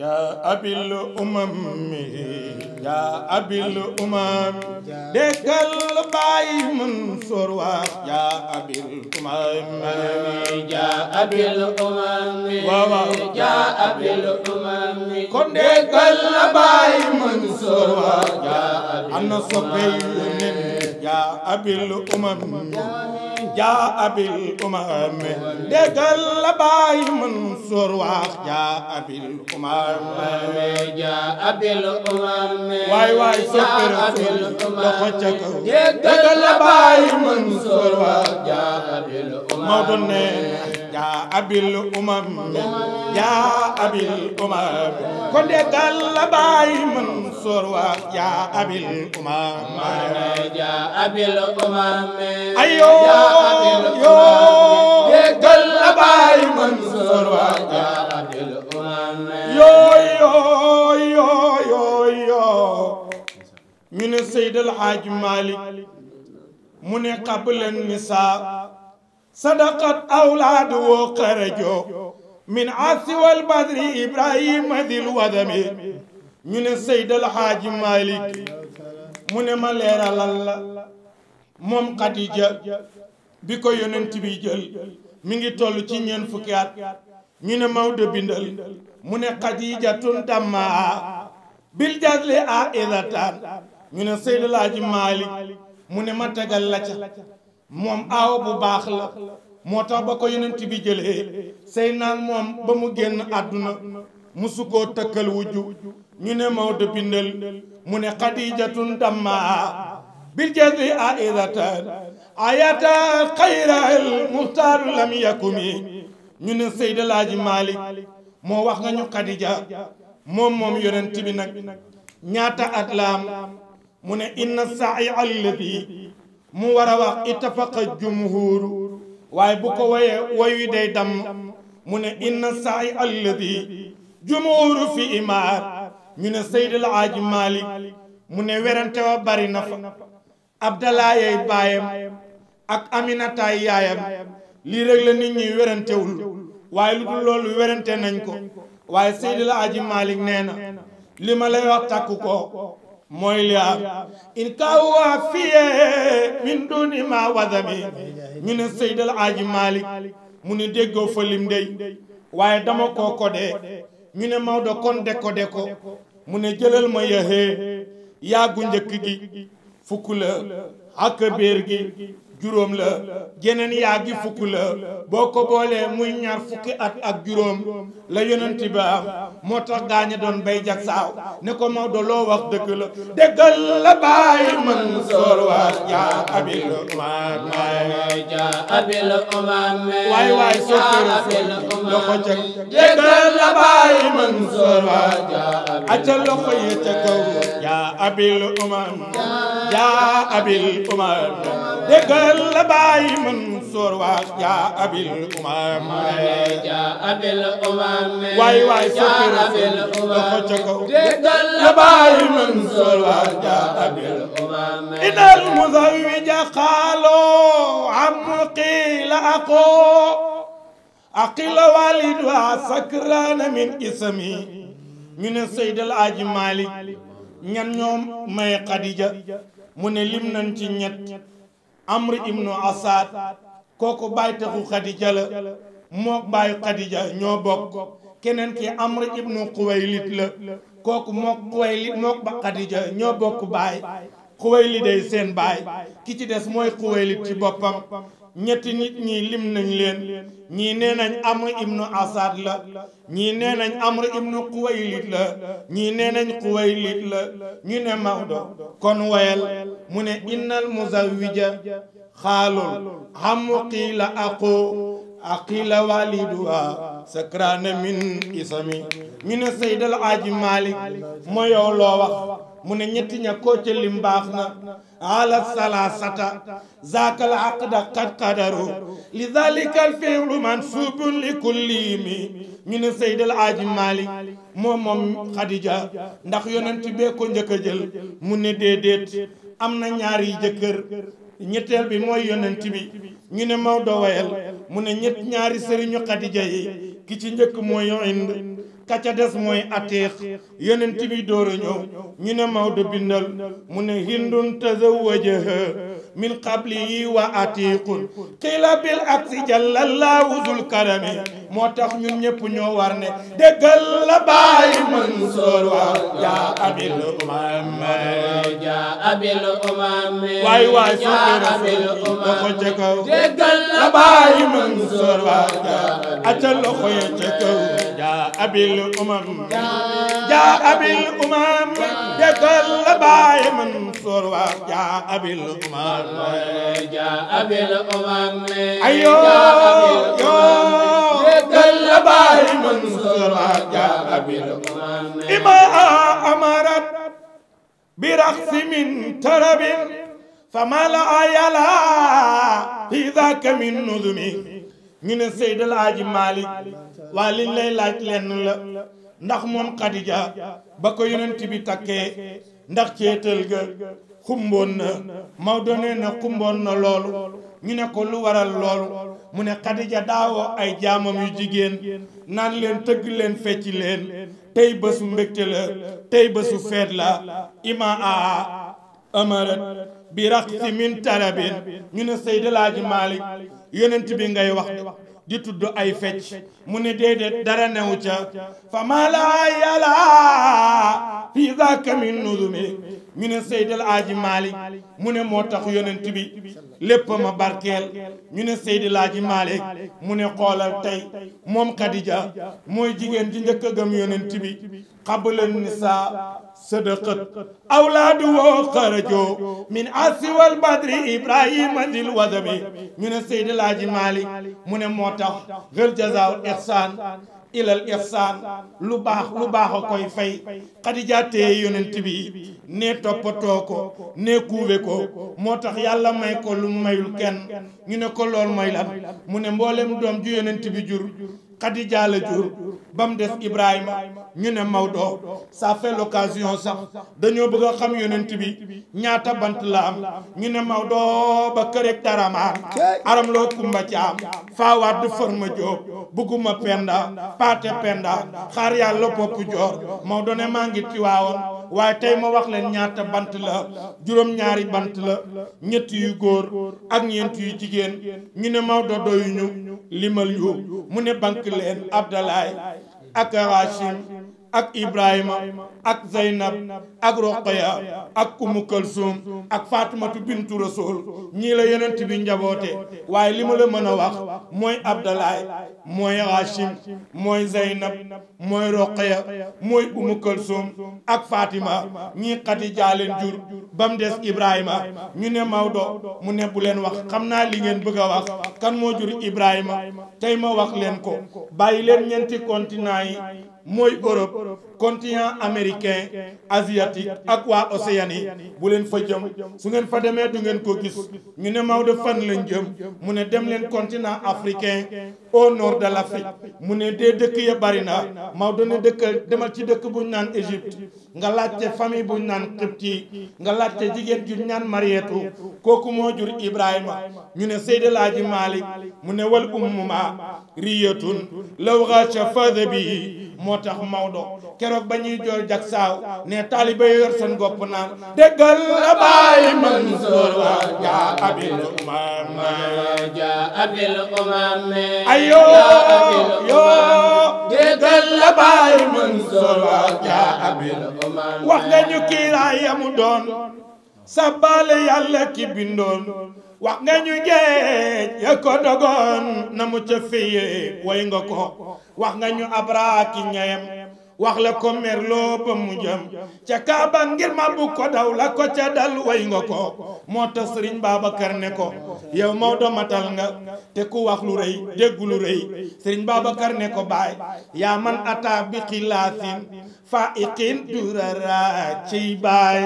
يا أبي الأمم يا أبي الأمم ديكال باي منصور يا أبي الأمم يا أبي الأمم يا أبي الأمم كن ديكال باي منصور يا أبي الأمم أنا صبي يا أبي الأمم jaa abil umam déggal la baay Mansour wax jaa abil umam jaa abil umam waay waay soppir abil umam loxo ca kaw déggal la baay Mansour wax jaa abil umam Maodo nee yaa abil umam yaa abil umam kon de gal la baay Mansoor wa yaa abil umam mana yaa abil umam ayo yo de gal la baay Mansoor wa yaa abil umam yo yo yo yo yo ñu ne Seydal Haaj Malik mu ne qabla nisaa صدقت أولاد وخرجوا من عاص والبدر إبراهيم ذي الوذم ñu ne Seydi El Hadji mu ne ma leeralal la moom Xadija bi ko yonent bi mi ngi toll ci ñeent fukki at ñu ne Maodo bindal mu ne Xadijatun damma bil jazli a idataan ñu ne Seydi El Hadji mu ne ma tegal la ca moom aaw bu baax la moo tax ba ko yonent bi jëlee sey naan moom ba mu génn àdduna musu koo tëkkal wujju ñu ne Maodo bindal mu ne xadijatun damma bil jadri aidatan ayata xayral muxtaaru lam yakumi ñu ne Seydi Laaji moo wax nga ñu xadija moom moom yonent bi nag ñaata at laam mu ne inna sa'i alladi mu war a wax ittafaqa jumhuuru waaye bu ko woyee woy wi day damm mu ne inna saay alladi jumhuuru fi imaar ñu ne Seydi El Hadji Malick mu ne werante wa bari na fa Abdallah yay baayam ak Aminataay yaayam lii rek la nit ñi werantewul waaye lu dul loolu werante nañ ko waaye Seydi El Hadji Malick nee na li ma lay wax takku ko mooy li in kawa fiye min duni ma wadami ñu ne Seydal Aaji Malik mu ne déggoo fa lim dey waaye dama koo kodee ñu ne Maodo kon dekko ko mu ne jëlal ma yëxee yaagu njëkk gi fukk la ak béer gi juróom la jeneen yaa gi fukk la boo ko boolee muy ñaar fukki at ak juróom la yonent ba moo tax gaañe doon bay jag saaw ne ko Maodo loo wax dëgg la dëggal la bàyyi man soor waay waay jaa abil loxo ca dëggal la bàyyi man soor waay jaa aca loxo yi ca kaw abil umar jaa abil umar dëggal ndigal la bàyyi Mansoor waa jaa abil umam jaa abil umam waay waay soppi rasul loxo ca kaw ndigal la bàyyi Mansoor waa jaa abil am qiila aqoo aqila walid waa sakrana min isami ñu ne Seydal Aji Malik ñoom may Xadija mu ne lim nañ ci ñett am amr ibnu asad kooku bàyyi taxu xadija la moo bàyyi xadija ñoo bokk keneen ki amr ibnu xuwaylit la kooku moo xuwaylit moo ba xadija ñoo bokk baay xuwaylit day seen baay ki ci des mooy xuwaylit ci boppam ñetti nit ñi lim nañ leen ñii nee nañ ibnu asad la ñii nee nañ amr ibnu xuwaylit la ñii nee nañ la ñu ne maxdo kon wayal mu ne innal muzawija xaalul xamu qiila aqu aqila waliduha sakraana min isami ñu ne seydal aji malik moo yow loo wax mu ne ñetti ña koo lim baax na على الثلاثة ذاك العقد قد قدروا لذلك الفعل منسوب لكل ñu ne Seydal Aaji Maalik moom Xadija ndax yonent bee ko njëkk jël mu ne déedéet am na ñaari jëkkër ñetteel bi mooy yonent bi ñu ne Maodo wayal mu ne ñett ñaari sëriñu Xadija yi ki ci njëkk mooy Hind ka ca des mooy atiix yonent bi door a ñëw ñu ne Maodo bindal mu ne hindun tazawwajaha من قبله وعتيق قيل بالعكس جل الله ذو الكرم moo tax ñun ñëpp ñoo war ne déggal la baay Mansoor waaw jaa abil umam jaa abil umam waay waay jaa abil umam loxo ca kaw déggal la baay Mansoor waaw jaa aca loxo ya ca kaw jaa abil umam jaa abil umam seetal la baay Mansour wax jaa abil umar jaa abil umar ne ayo yo seetal la baay Mansour wax jaa abil umar ne ima amarat bi raxsi min tarabin famala ayala fi daka min nuzumi ñu ne Seydal Aji Malik waa liñ lay laaj lenn la ndax moom Khadija ba ko yonent bi takkee ndax ceetal ga xumboon na Maodo nee na xumboon na loolu ñu ne ko lu waral loolu mu ne Khadija daawoo ay jaamam yu jigéen naan leen tëgg leen fecc leen tey bésu mbégte la tey bésu feet la ima a amarat bi raxsi min tarabin ñu ne Seydi Alaaji Maalik yeneent bi ngay wax di tudd ay fecc mu ne déedéet dara newu ca fa ma la yàlla fi zaka min nuzumi ñu ne Seydil Aaji Malick mu ne moo tax yonent bi lépp ma barkeel ñu ne Seydil Aaji Malick mu ne xoolal tey moom Khadija mooy jigéen ji njëkk a gëm yonent bi qabla nisaa sadaqat awlaadu woo xarajoo min asiwal badri ibrahima dil wadami ñu ne Seydil Aaji Malick mu ne moo tax gël jazaaw ihsaan ilal ihsaan lu baax lu baax a koy fay xadija téye yonent bi nee toppatoo ko nee kuube ko moo tax yàlla may ko lu mayul kenn ñu ne ko lool mooy lan mu ne mboolem doom ju yonent bi jur Khadija la jur ba mu des Ibrahima ñu ne Maodo ça fait l'occasion sax dañoo bëgg a xam yonent bi ñaata bant la am ñu ne Maodo ba këreg taramaan aram loo kumba caam faawaat du forma joob bugguma penda paate penda xaar yàlla bopp joor Maodo ne maa ngi tiwaawoon waaye tey ma wax leen ñaata bant la juróom-ñaari bant la ñett yu góor ak ñeent yu jigéen ñu ne Maodo doyuñu limal yu mu ne bank leen Abdalaay ak Hachim ak Ibrahima ak Zeynab ak Roqaya ak Umu Kalsum ak Fatimatu bintu Rasul ñii la yonent bi njaboote waaye li ma la mën a wax mooy Abdalaay mooy Hashim mooy Zeynab mooy Roqaya mooy Umu Kalsum ak Fatima ñii Xadija leen jur ba mu des Ibrahima ñu ne do mu ne leen wax xam naa li ngeen bëgg a wax kan moo jur Ibrahima tey ma wax leen ko bàyyi leen ñeenti continent mooy Europe continent américain asiatique ak waa Océanie bu leen fa jëm su ngeen fa demee du ngeen ko gis ñu ne Maodo fan lañ jëm mu ne dem leen continent africain au nord de l'Afrique mu ne dee dëkk ya bari na Maodo ne dëkk demal ci dëkk bu naan Égypte nga laajte famille bu naan Qibti nga laajte jigéen ju ñu naan Marietu kooku moo jur Ibrahima ñu ne Seydi Laaji Malik mu ne wal ummuma riyatun law ghasha fadha bi moo tax Maodo keroog ba ñuy jooy jak saaw ne taalibe yor seen gopp naan déggal Baay Mansour wa jaa abil umam jaa abil umam ayo yo déggal Baay Mansour wa jaa abil umam wax nga ñu kiiraay yamu doon sabbaale yàlla ki bindoon wax nga ñu jeej ya ko dogoon na mu ca fiye way nga ko wax nga ñu abra ki ñayam wax la ko mer loo mu jëm ca kaaba ngir ma bu ko daw la ko ca dal way nga ko moo tax sëriñ Babacar ne ko yow Maodo matal nga te ku wax lu rëy dégg lu rëy sëriñ Babacar ne ko baay yaa man ataa bi xilaasin فائقين دررا تيباي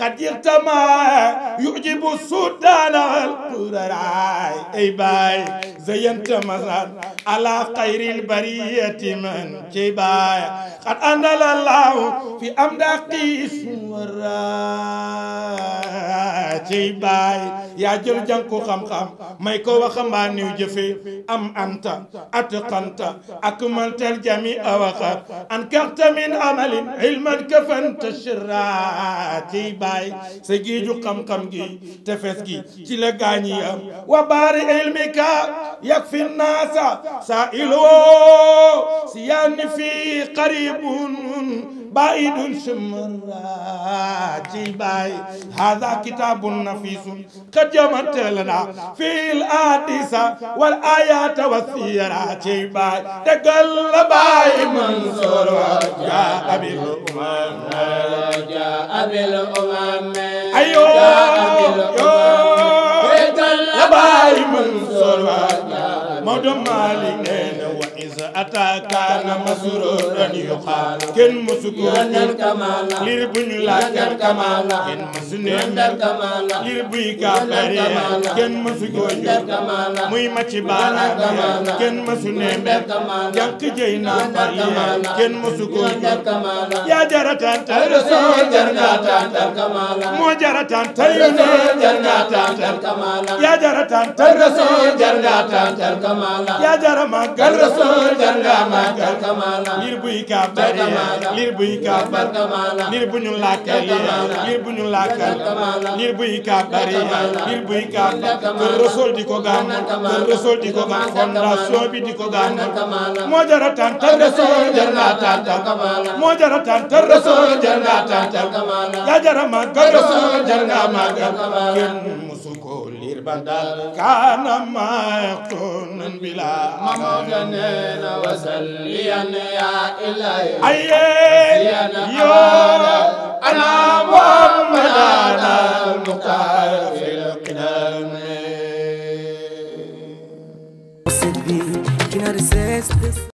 قد يقتمع يعجب السودان القرراي اي باي زينت مزار على خير البرية من تيباي قد أنزل الله في أمداقي اسم الراي yaa baay yaa jël jànku xam-xam may ko waxambaaniw jëfe am anta atqanta akmaltal jami awaxat an kaxta min amalin ilman kafanta shira ciy baay sa géeju xam-xam gi tefes gi ci la gaañi am wa yakfi naasa saa iloo fii qaribun بعيد ثم الراجباي هذا كتاب نفيس قد جمعت لنا في الآديس والآيات والسيرات باي تقل باي منصور جاء بالأمم جاء بالأمم أيوه تقل باي منصور مدمالي وإذا أتاك كان مسرورا يقال كن مسكون يندل كمالا لربن لا يندل كمالا كن مسن يندل كمالا لربي كافر كن مسكون يندل كمالا مي ماتي بالا كن مسن يندل كمالا جانك جينا كمالا كن مسكون يندل كمالا يا جرتان ترسول جرتان تر كمالا مو جرتان تيونا جرتان تر كمالا يا جرتان ترسول جرتان تر كمالا يا جرما قرسول جرما قرسول barkamaana liir buy kaaf barkamaana liir buy kaaf barkamaana liir bu ñu lakkal liir bu ñu lakkal liir buy kaaf bari liir buy kaaf kër Rasul di ko gàmmu kër Rasul di ko gàmmu fondation bi di ko gàmmu moo jara tantal Rasul jar naa tantal moo jara tantal Rasul jar naa tantal yaa jara màggal Rasul jar naa màggal kenn musu ko liir ba dal kaana maa yaxtoonan bila ma moo ganeena wasal أيه يو أنا محمد أنا المختار في القدم كنار